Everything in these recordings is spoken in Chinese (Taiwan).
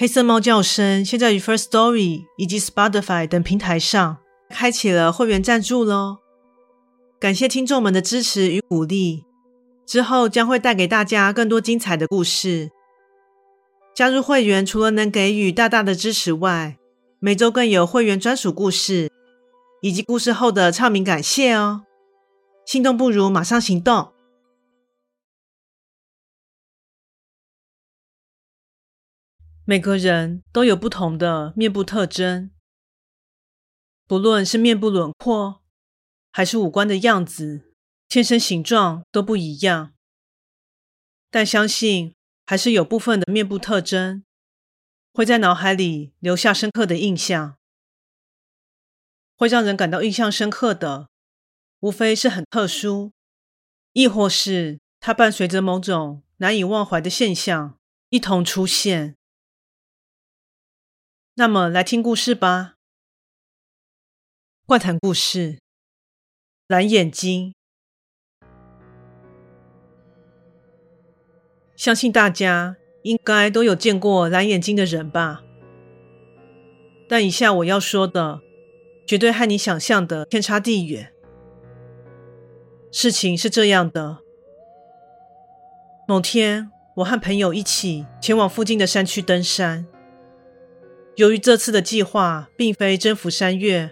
黑色貓叫聲現在於 Firstory 以及 Spotify 等平台上，開啟了會員贊助嘍！感謝聽眾們的支持與鼓勵，之後將會帶給大家更多精彩的故事。加入會員除了能給予大大的支持外，每週更有會員專屬故事以及故事後的唱名感謝哦！心動不如馬上行動！每個人都有不同的面部特徵，不論是面部輪廓，還是五官的樣子，天生形狀都不一樣。但相信還是有部分的面部特徵，會在腦海裡留下深刻的印象。會讓人感到印象深刻的，無非是很特殊，亦或是它伴隨着某種難以忘懷的現象，一同出現。那麼，來聽故事吧。怪談故事：藍眼睛。相信大家應該都有見過藍眼睛的人吧？但以下我要說的，絕對和你想象的天差地遠。事情是這樣的：某天，我和朋友一起前往附近的山區登山。由於這次的計劃並非征服山岳，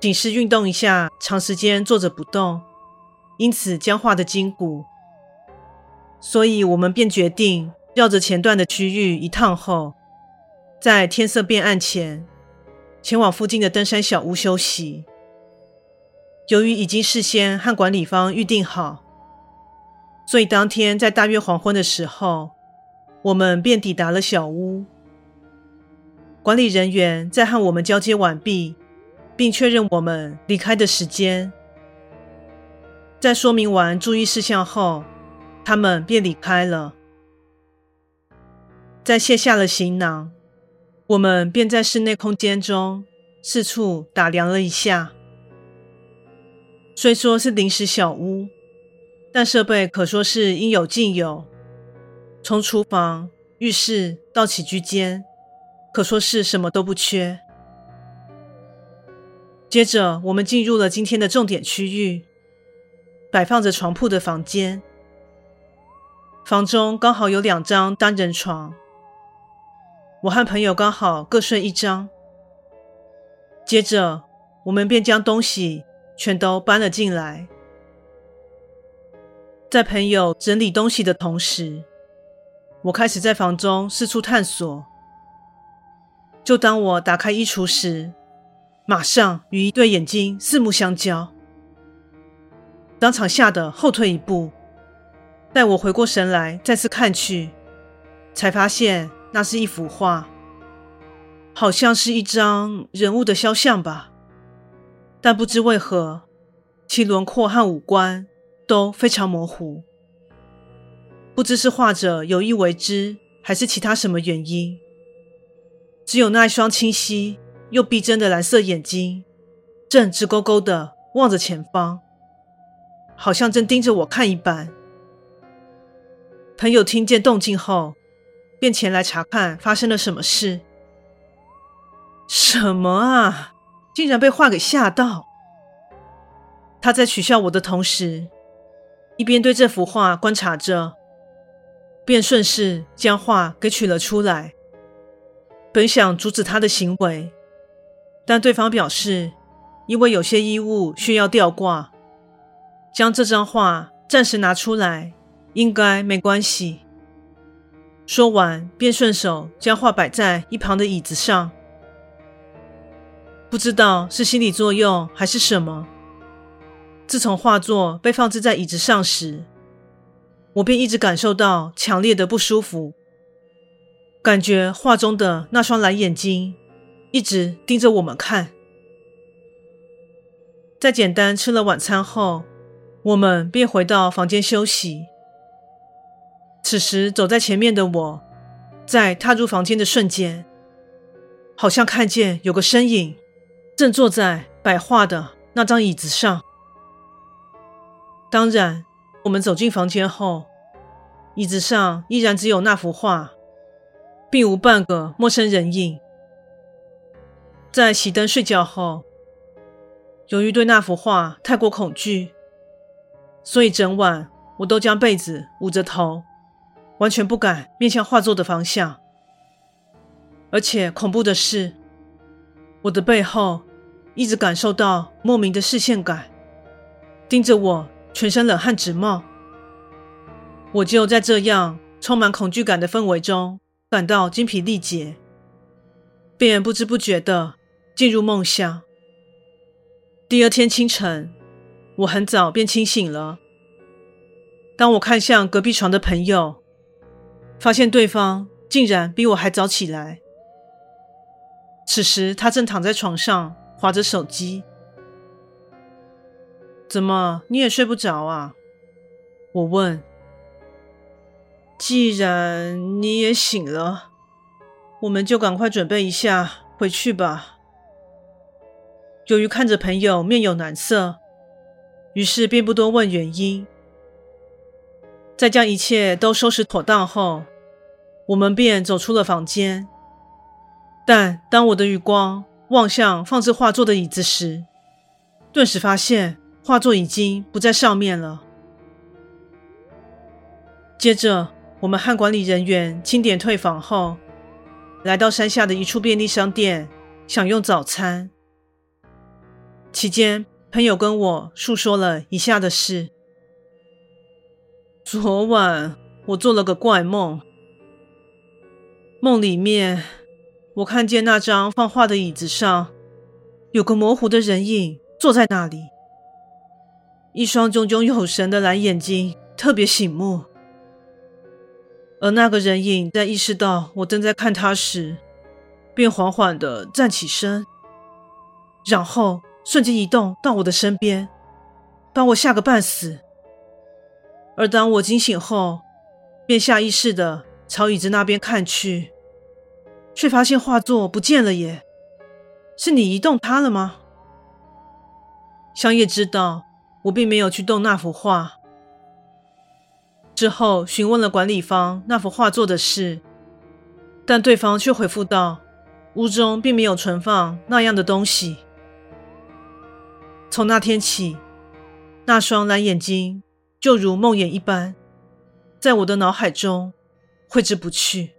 僅是運動一下，長時間坐着不動，因此僵化的筋骨，所以我們便決定繞着前段的區域一趟後，在天色變暗前，前，前往附近的登山小屋休息。由於已經事先和管理方預定好，所以當天在大約黃昏的時候，我們便抵達了小屋。管理人員在和我們交接完畢，並確認我們離開的時間。在說明完注意事項後，他們便離開了。在卸下了行囊，我們便在室內空間中四處打量了一下。雖說是臨時小屋，但設備可說是應有盡有，從廚房、浴室到起居間。可說是什麼都不缺。接着，我們進入了今天的重點區域——擺放着床鋪的房間。房中剛好有兩張單人床，我和朋友剛好各睡一張。接着，我們便將東西全都搬了進來。在朋友整理東西的同時，我開始在房中四處探索。就當我打開衣櫥時，馬上與一對眼睛四目相交，當場嚇得後退一步。待我回過神來，再次看去，才發現那是一幅畫，好像是一張人物的肖像吧，但不知為何，其輪廓和五官都非常模糊，不知是畫者有意為之，還是其他什麼原因。只有那一雙清晰又逼真的藍色眼睛，正直勾勾的望着前方，好像正盯着我看一般。朋友聽見動靜後，便前來查看發生了什麼事。什麼啊！竟然被畫給嚇到！他在取笑我的同時，一邊對這幅畫觀察着，便順勢將畫給取了出來。本想阻止他的行為，但對方表示，因為有些衣物需要吊掛，將這張畫暫時拿出來應該沒關係。說完，便順手將畫擺在一旁的椅子上。不知道是心理作用還是什麼，自從畫作被放置在椅子上時，我便一直感受到強烈的不舒服。我感覺畫中的那雙藍眼睛一直盯着我們看。在簡單吃了晚餐後，我們便回到房間休息。此時走在前面的我，在踏入房間的瞬間，好像看見有個身影正坐在擺畫的那張椅子上。當然，我們走進房間後，椅子上依然只有那幅畫。並無半個陌生人影。在熄燈睡覺後，由於對那幅畫太過恐懼，所以整晚我都將被子捂着頭，完全不敢面向畫作的方向。而且恐怖的是，我的背後一直感受到莫名的視線感，盯着我全身冷汗直冒。我就在這樣充滿恐懼感的氛圍中。感到精疲力竭，便不知不覺地進入夢鄉。第二天清晨，我很早便清醒了。當我看向隔壁床的朋友，發現對方竟然比我還早起來。此時，他正躺在床上滑着手機。“怎麼你也睡不着啊？”我問。既然你也醒了，我們就趕快準備一下回去吧。由於看着朋友面有難色，於是便不多問原因。在將一切都收拾妥當後，我們便走出了房間。但當我的餘光望向放置畫作的椅子時，頓時發現畫作已經不在上面了。接着。我們和管理人員清點退房後，來到山下的一處便利商店享用早餐。期間，朋友跟我訴說了以下的事：昨晚我做了個怪夢，夢裡面我看見那張放畫的椅子上有個模糊的人影坐在那裡，一雙炯炯有神的藍眼睛特別醒目。而那個人影在意識到我正在看他時，便緩緩地站起身，然後瞬間移動到我的身邊，把我嚇個半死。而當我驚醒後，便下意識地朝椅子那邊看去，卻發現畫作不見了耶，是你移動它了嗎？想也知道我並沒有去動那幅畫。之後詢問了管理方那幅畫作的事，但對方卻回覆道屋中並沒有存放那樣的東西。從那天起，那雙藍眼睛就如夢魘一般，在我的腦海中揮之不去。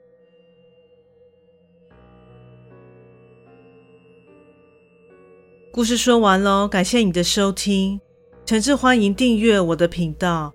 故事說完囉，感謝你的收聽，誠摯歡迎訂閱我的頻道。